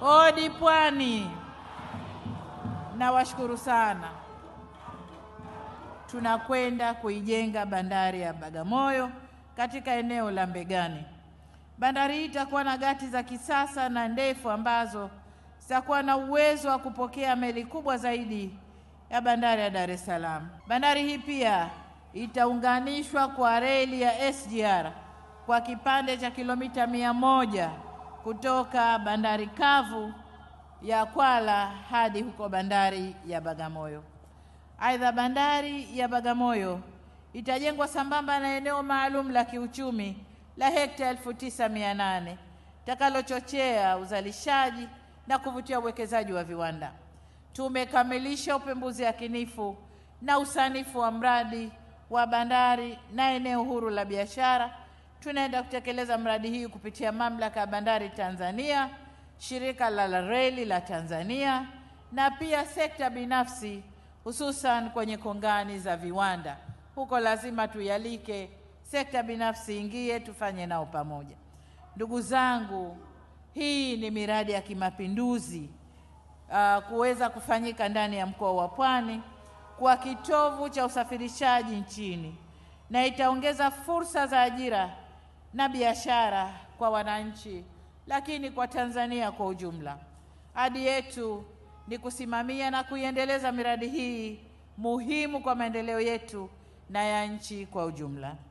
Hodi Pwani, nawashukuru sana. Tunakwenda kuijenga bandari ya Bagamoyo katika eneo la Mbegani. Bandari hii itakuwa na gati za kisasa na ndefu ambazo zitakuwa na uwezo wa kupokea meli kubwa zaidi ya bandari ya Dar es Salaam. Bandari hii pia itaunganishwa kwa reli ya SGR kwa kipande cha kilomita mia moja kutoka bandari kavu ya Kwala hadi huko bandari ya Bagamoyo. Aidha, bandari ya Bagamoyo itajengwa sambamba na eneo maalum la kiuchumi la hekta 9800 takalochochea uzalishaji na kuvutia uwekezaji wa viwanda. Tumekamilisha upembuzi yakinifu na usanifu wa mradi wa bandari na eneo huru la biashara tunaenda kutekeleza mradi hii kupitia mamlaka ya bandari Tanzania, shirika la reli la Tanzania na pia sekta binafsi, hususan kwenye kongani za viwanda. Huko lazima tuyalike, sekta binafsi ingie, tufanye nao pamoja. Ndugu zangu, hii ni miradi ya kimapinduzi uh, kuweza kufanyika ndani ya mkoa wa Pwani kwa kitovu cha usafirishaji nchini na itaongeza fursa za ajira na biashara kwa wananchi, lakini kwa Tanzania kwa ujumla. Ahadi yetu ni kusimamia na kuiendeleza miradi hii muhimu kwa maendeleo yetu na ya nchi kwa ujumla.